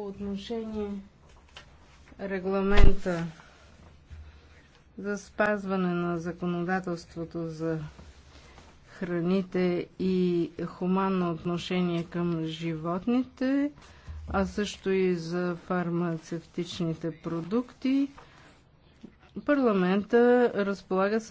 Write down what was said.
по отношение регламента за спазване на законодателството за храните и хуманно отношение към животните, а също и за фармацевтичните продукти, парламента разполага с